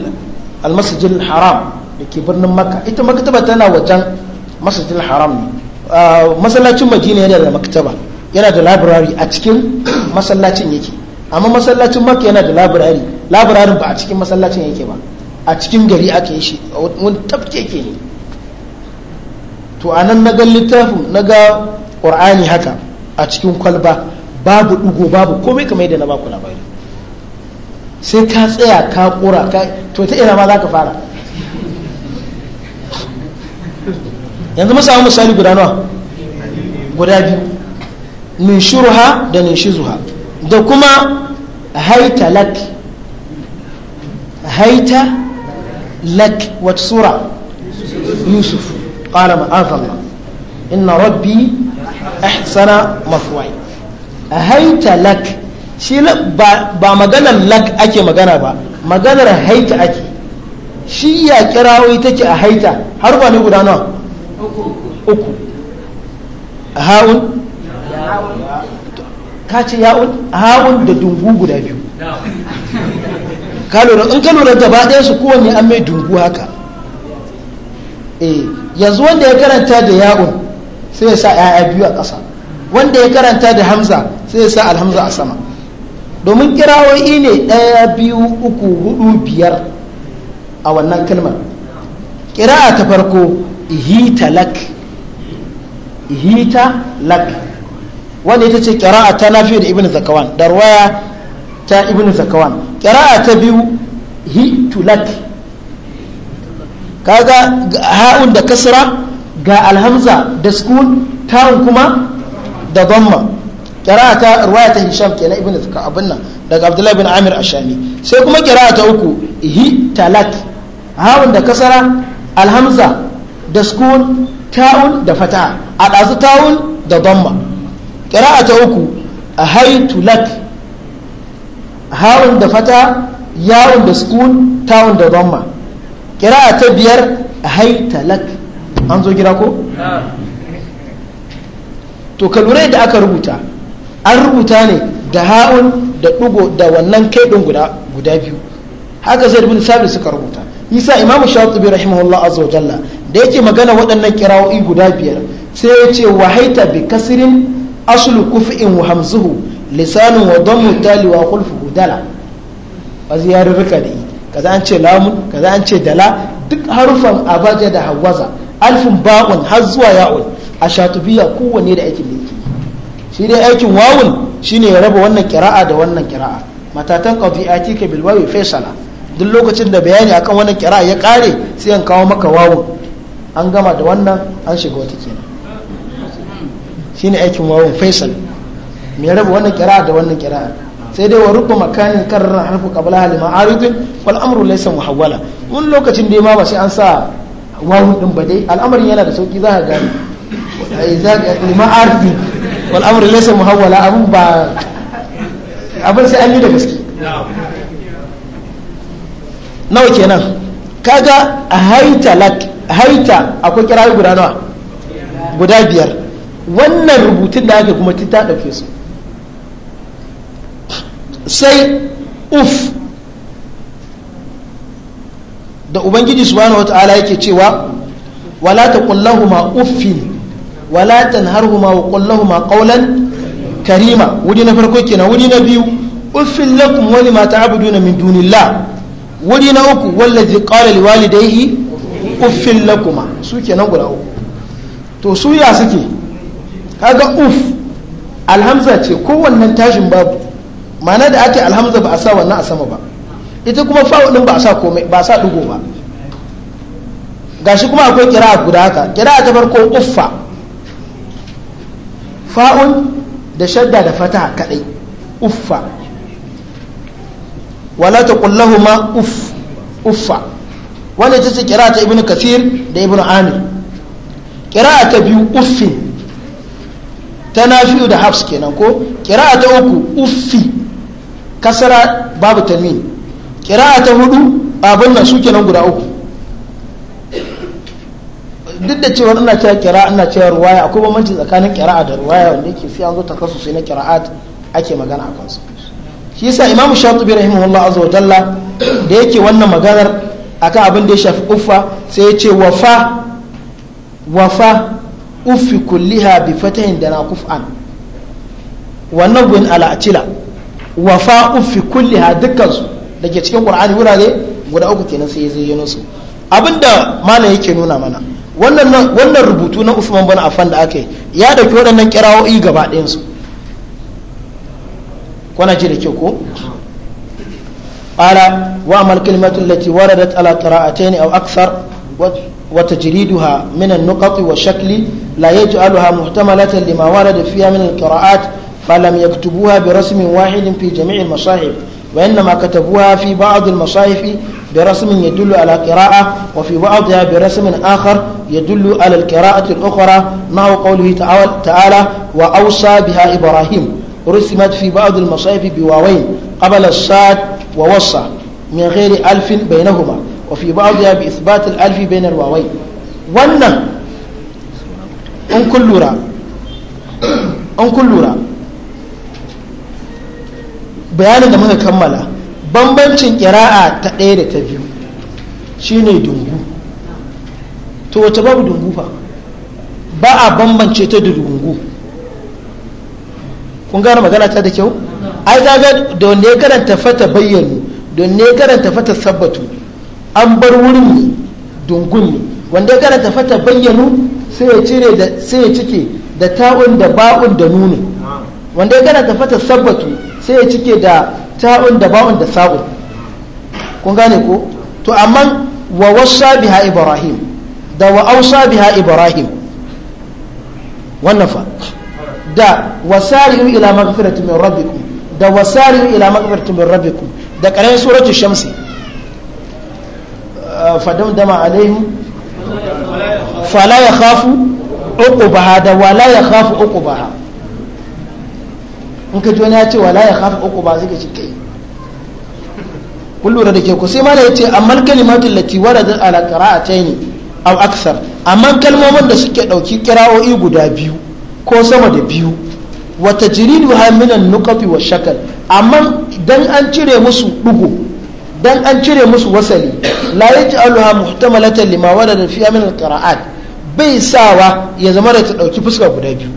almasajil haram da ke birnin makka ita maktaba tana wajen masajil haram ne masallacin madina yana da maktaba yana da labirari a cikin masallacin yake amma masallacin makka yana da labirari labirarin ba a cikin masallacin yake ba a cikin gari ake yi shi wani tafke ke ne to a nan na ga littafin na ga ƙur'ani haka a cikin kwalba babu ɗugo babu komai kamar yadda na baku labari sai ka tsaya ka kura ka to ta ina ma za ka fara yanzu mu samu misali guda nawa guda biyu nishurha da nishizuha da kuma haita lak haita lak wata sura yusuf qala ma'azallah inna rabbi ahsana mathwaya haita lak shi ba maganar lak ake magana ba maganar haita ake shi ya wai take a haita har ba ne guda nawa uku ha'un ka ce ha'un da dungu guda biyu kalura in ka lura gaba ɗaya su kowanne an mai dungu haka eh yanzu wanda ya karanta da ya'un sai ya sa ya'ya biyu a ƙasa wanda ya karanta da hamza sai ya sa alhamza a sama domin kirawoyi ne ɗaya biyu uku hudu biyar a wannan kalmar kira'a ta farko ihita lak ihita lak wanda ita ce kira'a ta nafi da ibn zakawan da ruwaya ta ibn zakawan kira'a ta biyu hitu lak kaga ha'un da kasra ga alhamza da sukun tarin kuma da dhamma qira'ata riwayata hisham na ibn fuka abin nan daga abdullahi bin amir ashami sai kuma ta uku hi talat Hawan da kasara alhamza da sukun ta'un da fata a ɗazu ta'un da dhamma ta uku ahaitu lak Hawan da fata yawun da sukun ta'un da dhamma kira ta biyar haita lak an zo gida ko to ka da aka rubuta an rubuta ne da ha'un da ɗugo da wannan kai ɗin guda biyu haka zai rubuta sabi suka rubuta isa imamu shatubi rahimahullah azza wa jalla da yake magana waɗannan kirawo'i guda biyar sai ya ce wa haita bi kasirin asulu kufi'in wa hamzuhu lisanin wa mu tali wa kulfu dala a ziyarar rika da yi an ce lamun kaza an ce dala duk harufan abaja da hawaza alfin ba'un har zuwa ya'un a shatubiya kowanne da aikin da yake shi dai aikin wawun shine ya raba wannan kira'a da wannan kira'a matatan qadiyati ka bil wawi faisala duk lokacin da bayani akan wannan kira'a ya kare sai an kawo maka wawun an gama da wannan an shiga wata kenan shine aikin wawun faisal me ya raba wannan kira'a da wannan kira'a sai dai wa rubba makanin karrar harfu qabla hal ma'arid wal amru laysa muhawwala mun lokacin da ma ba sai an sa wawun din ba dai al'amarin yana da sauki za a za ka gane arfi wal amr laysa muhawwala abun ba abun sai an yi da gaske nawa kenan kaga haita lak haita akwai kirayi guda nawa guda biyar wannan rubutun da aka kuma tita dauke su sai uf da ubangiji subhanahu wata'ala yake cewa wala taqul lahumu uffin wala tanharhuma wa qul ma qawlan karima wuri na farko kenan wuri na biyu uffin lakum wani ma ta'buduna min dunillah wuri na uku wallazi qala liwalidayhi uffin lakuma su kenan guda uku to su ya suke kaga uff alhamza ce kowannan tashin babu ma'ana da ake alhamza ba a sa wannan a sama ba ita kuma fa'u din ba a sa komai ba sa dugo ba gashi kuma akwai kira guda haka kira'a ta farko uffa fa'un da shadda da fata kadai uffa wala ta lahumu uff uffa wanda ita ce kira ta ibnu kathir da ibnu amir kira ta biyu uffin ta nafi'u da hafs kenan ko kira ta uku uffi kasara babu tanwin kira'a ta hudu abin nan su nan guda uku duk da cewa ina cewa kira ina cewa ruwaya akwai bambanci tsakanin kira'a da ruwaya wanda yake sai an zo sai na kira'at ake magana a kansu shi yasa imamu shatibi rahimahullah azza wa jalla da yake wannan maganar akan abin da ya shafi uffa sai ya ce wafa wafa uffi kulliha bi fatahin da na kuf'an wannan gun ala wafa uffi kulliha dukkan su da ke cikin qur'ani wurare guda uku kenan sai ya zayyano su abinda malam yake nuna mana wannan wannan rubutu na Usman bin Affan da aka yi ya dauki waɗannan kirawoyi gaba ɗayan su kwana ji da kyau ko قال واما الكلمه التي وردت على قراءتين او اكثر وتجريدها من النقط والشكل لا يجعلها محتمله لما ورد فيها من القراءات فلم وإنما كتبوها في بعض المصاحف برسم يدل على قراءة وفي بعضها برسم آخر يدل على القراءة الأخرى مع قوله تعالى وأوصى بها إبراهيم رسمت في بعض المصاحف بواوين قبل الصاد ووصى من غير ألف بينهما وفي بعضها بإثبات الألف بين الواوين وأن أن كل را أن كل را bayanin da muka kammala bambancin kira'a ta ɗaya da ta biyu shi ne dungu to wata babu dungu fa ba a bambance ta da dungu kun gane magana ta da kyau ai ga da wanda ya karanta fata bayyanu da wanda ya karanta fata sabbatu an bar wurin ne dungun ne wanda ya karanta fata bayyanu sai ya cire da sai ya cike da ta'un da ba'un da nunin wanda ya karanta fata sabbatu sai ya cike da ta'un da ba'un da sa'un kun gane ko to amma wa wasa biha ibrahim da wa ausa biha ibrahim wannan fa da wasari'u ila maghfirati min rabbikum da wasari'u ila maghfirati min rabbikum da karen suratul shamsi ah, fadam dama alaihim fala yakhafu uqbaha da wala yakhafu uqbaha in ka ji wani ya ce wala ya khafa uku ba zai ka kai kun lura da ke ku sai mana ce amma kalimatul lati warada a qira'ataini a aksar amma kalmomin da suke ɗauki kira'o'i guda biyu ko sama da biyu wa tajriduha min an-nuqati wa shakal amma dan an cire musu ɗugu dan an cire musu wasali la aluha muhtamalatan lima da fiha min al bai sawa ya zama da ta ɗauki fuska guda biyu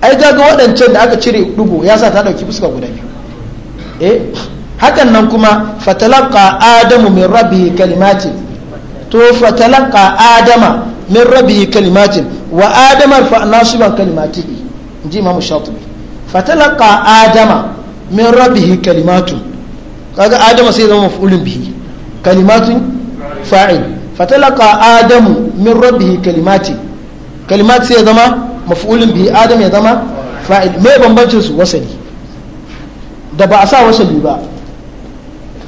ai ga waɗancan da aka cire dubu ya sa ta ɗauki fuska guda biyu eh hakan nan kuma fatalaka adamu min rabbi kalimatin to fatalaka adama min rabbi kalimatin wa adama fa nasiban in inji imam shatibi fatalaka adama min rabbi kalimatun kaga adama sai zama maf'ulun bihi kalimatun fa'il fatalaka adamu min rabbi kalimatin kalimat sai zama maf'ulin bi adam ya zama fa'il me bambancin su wasali da ba a sa wasali ba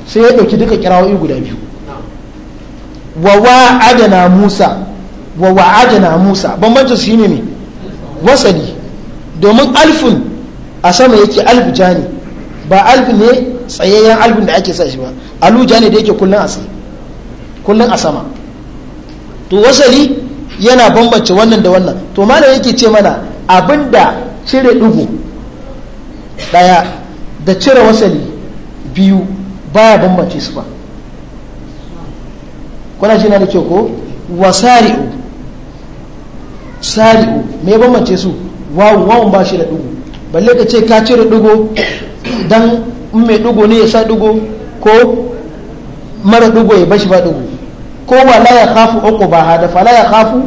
sai ya ɗauki duka kirawoyi guda biyu wa wa'adana Musa wa Musa bambancin su shine ne wasali domin alfin a sama yake alfuja ne ba alfi ne tsayayyen alfin da ake sa shi ba aluja ne da yake kullun kullun a sama to wasali yana bambance wannan da wannan to malam yake ce mana abinda cire dugu daya da cire wasali biyu baya bambance su ba kuna shi na da kyau ko wasari'u sari'u me bambance su wawu wawun ba shi da dugu balle ka ce ka cire ɗigo don mai dugu ne ya sa dugu ko mara dugu ya bashi ba dugu. ko ba la ya khafu uqbaha da fala ya khafu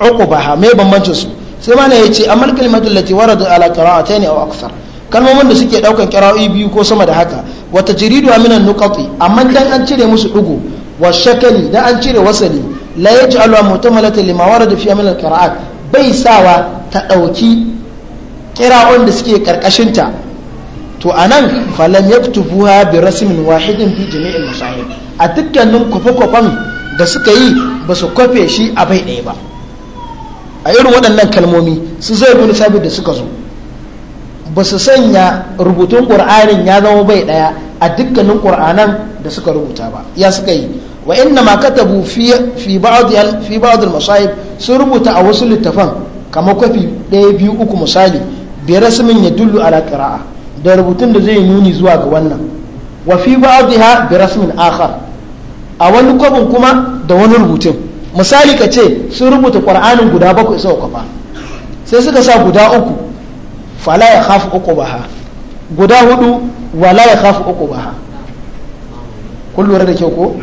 uqbaha me bambancin su sai mana yace amal kalimatul lati waradu ala qira'atayn aw akthar kalmomin da suke daukan qira'i biyu ko sama da haka wa tajridu min an-nuqati amma dan an cire musu dugu wa shakali da an cire wasali la yaj'alu mutamalatan lima warada fi amal qira'at bai sawa ta dauki qira'un da suke karkashin ta to anan falam yaktubuha bi rasmin wahidin fi jami'il masahib a dukkanin kwafe-kwafen da suka yi ba su kwafe shi a bai ɗaya ba a irin waɗannan kalmomi su zai bin sabit da suka zo ba su sanya rubutun ƙur'anin ya zama bai ɗaya a dukkanin ƙur'anan da suka rubuta ba ya suka yi wa inna ma fi fi ba'adul sun rubuta a wasu littafan kamar kwafi ɗaya biyu uku misali biyar rasmin dullu ala qira'a da rubutun da zai nuni zuwa ga wannan wa fi ba'dha bi rasmin akhar a wani kwabin kuma da wani rubutun misali ka ce sun rubuta ƙwar'anin guda bakwai sau kwafa sai suka sa guda uku fala ya hafi uku baha guda hudu wala ya hafi uku baha kun lura da kyau ko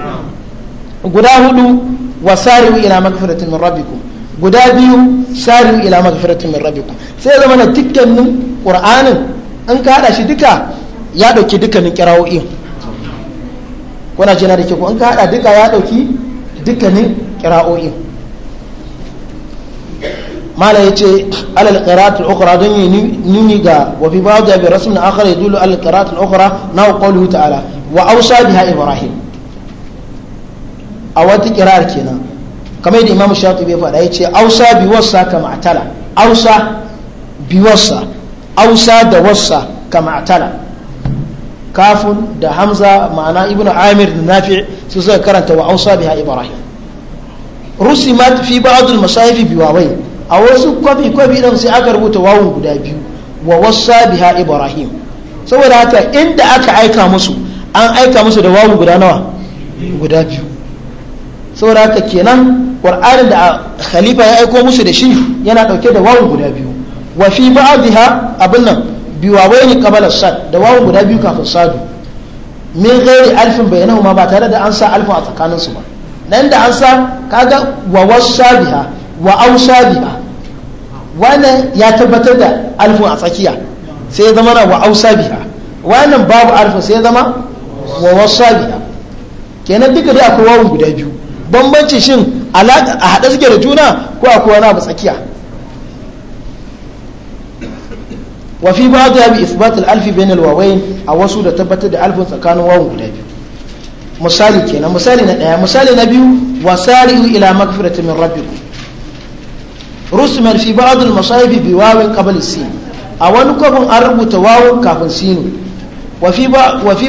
guda hudu wa sari'u ila magfiratin min rabbikum guda biyu sari'u ila magfiratin min rabbikum sai zama na dukkanin ƙur'anin in ka hada shi duka ya dauki dukkanin kira'o'in kuna na da ke ku in ka hada duka ya dauki dukkanin kira'o'in mala ya ce alal qira'at al don yi nuni ga wa fi ba'd bi rasmin ya yadullu alal qira'at al-ukhra na qawluhu ta'ala wa awsa biha ibrahim a wata kira'ar kenan kamar yadda imam shatibi bai faɗa ya ce ausa bi wassa kama atala ausa bi wassa ausa da wassa kama atala kafun da hamza ma'ana ibnu amir da nafi su suka karanta wa ausa biha ibrahim rusimat fi ba'd al masahif bi a wasu kwafi kwafi din sai aka rubuta wawun guda biyu wa wasa biha ibrahim saboda haka inda aka aika musu an aika musu da wawun guda nawa guda biyu saboda haka kenan qur'anin da khalifa ya aiko musu da shi yana dauke da wawun guda biyu wa fi ba'dha abin nan biwawai ne kabalar sad da wawon guda biyu kafin sadu min gairi alfin bayanahu ma ba tare da an sa alfin a tsakaninsu ba nan da an sa kaga wa wasa biha wa ausa biha wannan ya tabbatar da alfin a tsakiya sai ya zama na wa ausa biha wannan babu alfin sai ya zama wa wasa biha kenan duka dai akwai wawon guda biyu bambancin shin a haɗa suke da juna ko akwai wani abu tsakiya wa fi ya bi isbat al-alf bain al a wasu da tabbatar da alfin tsakanin wawan guda biyu misali kenan misali na daya misali na biyu wasari'u ila magfirati min rabbikum rusman fi ba'd al-masayib bi wawin qabl sin a wani kwabin an rubuta wawun kafin sinu wa fi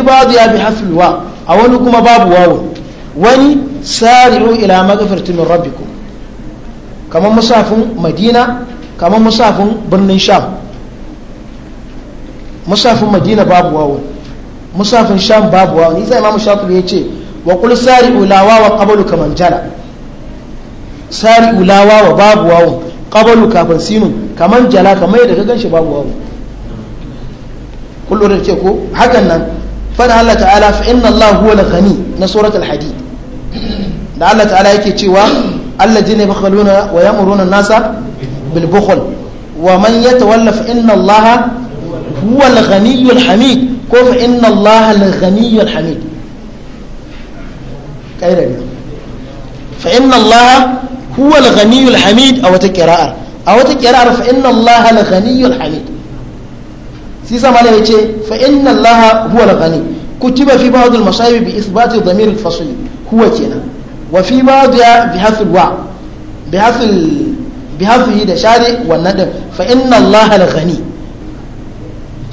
ba'd ya bi hasl wa a wani kuma babu wawun wani sari'u ila magfirati min rabbikum kamar musafin madina kamar musafin birnin sham musafin madina babu wawo musafin sham babu wawo nisa imamu shafi ya ce wa kul sari ulawa wa kabalu kaman jala sari ulawa wa babu wawo kabalu kafin sinun kaman jala kamar yadda ka ganshi babu wawo kullu da ke ko hakan nan fada Allah ta'ala fa inna Allah huwa al-ghani na suratul hadid da Allah ta'ala yake cewa alladhina yabkhaluna wa ya'muruna an-nasa bil bukhl wa man yatawalla fa inna Allah huwa al-ghaniyyu al-hamid ko fa inna allaha al-ghaniyyu huwa al-ghaniyyu al a wata qira'ar a wata qira'ar fa inna allaha al-ghaniyyu al-hamid yace fa huwa al-ghani kutiba fi ba'd al wa da shari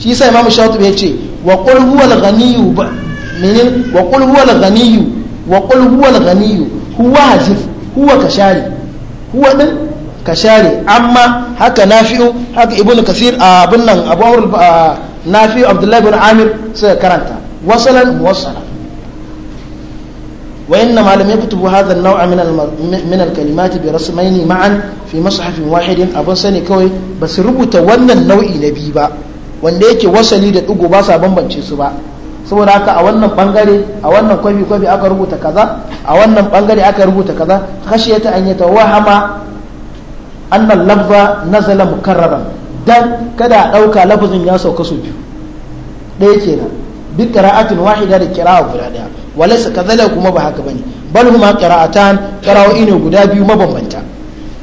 shi yasa imamu shatibi ya ce wa qul huwal ghaniyyu menin wa qul huwal ghaniyyu wa qul huwal ghaniyyu huwa hazif huwa kashari huwa din kashari amma haka nafi'u haka ibnu kasir abun nan abu aurul nafi'u abdullahi bin amir suka karanta wasalan wasala وإنما لم يكتب هذا النوع من الم... من الكلمات برسمين معا في مصحف abun أبن سني كوي بس ربط ون النوع نبي wanda yake wasali da ɗigo ba sa bambance su ba saboda haka a wannan bangare a wannan kwafi kwafi aka rubuta kaza a wannan bangare aka rubuta kaza khashiyata an yatawahama annal lafza nazala mukarraran dan kada a dauka lafazin ya sauka su biyu ɗaya kenan bi qira'atin wahida da qira'a guda daya walaysa kadhalika kuma ba haka bane bal huma qira'atan qira'o'i ne guda biyu mabambanta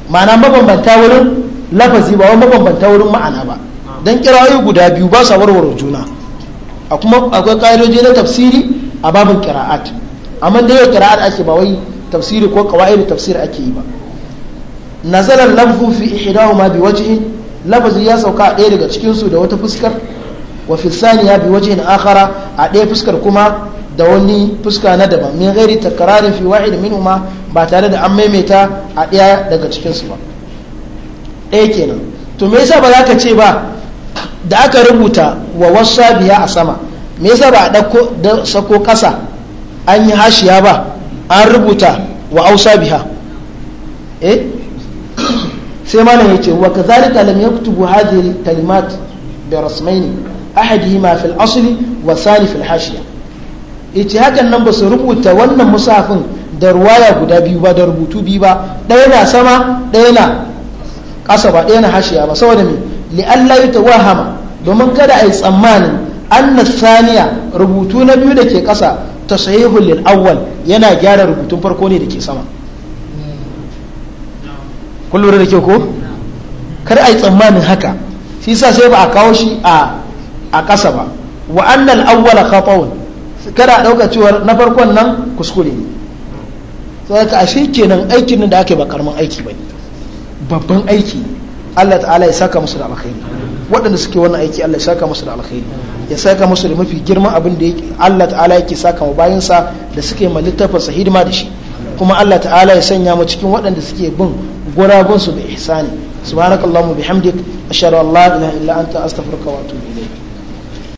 ma'ana mabambanta wurin lafazi ba wa mabambanta wurin ma'ana ba don kirayoyi guda biyu ba sa warware juna a kuma akwai ƙa'idoji na tafsiri a babin kira'at amma da yau kira'at ake ba wai tafsiri ko kawai da tafsiri ake yi ba nazalar lafzu fi ihdahu ma bi wajhin lafazi ya sauka a ɗaya daga cikin su da wata fuskar wa filsani ya bi wajhin akhara a ɗaya fuskar kuma da wani fuska na daban min ghairi takrarin fi wahid minhuma ba tare da an maimaita a ɗaya daga cikin su ba ɗaya kenan to me yasa ba za ka ce ba da aka rubuta wa wasa biya a sama me yasa ba a ɗauko sako ƙasa an yi hashiya ba an rubuta wa ausa biha eh sai mana ya ce wa kazalika lam yaktubu hadhihi kalimat bi rasmaini ahadihima fil asli wa sani fil hashiya ita hakan nan ba su rubuta wannan musafin da ruwaya guda biyu ba da rubutu biyu ba ɗaya na sama ɗaya na ƙasa ba ɗaya na hashiya ba saboda me li'alla yi tawahama domin kada a yi tsammanin anna saniya rubutu na biyu da ke ƙasa ta lil awwal yana gyara rubutun farko ne da ke sama kullum da ke ko kar a yi tsammanin haka shi sa sai ba a kawo shi a ƙasa ba wa annal awwala khata'un kada a ɗauka cewar na farkon nan kuskure ne sai ka ashe kenan aikin da aka yi ba karamin aiki ba babban aiki Allah ta'ala ya saka musu da alkhairi waɗanda suke wannan aiki Allah ya saka musu da alkhairi ya saka musu da mafi girman abin da Allah ta'ala yake saka mu bayansa da suke ma littafinsa hidima da shi kuma Allah ta'ala ya sanya mu cikin waɗanda suke bin gurabun su da ihsani subhanakallahumma bihamdik ashhadu an la ilaha illa anta astaghfiruka wa atubu ilayk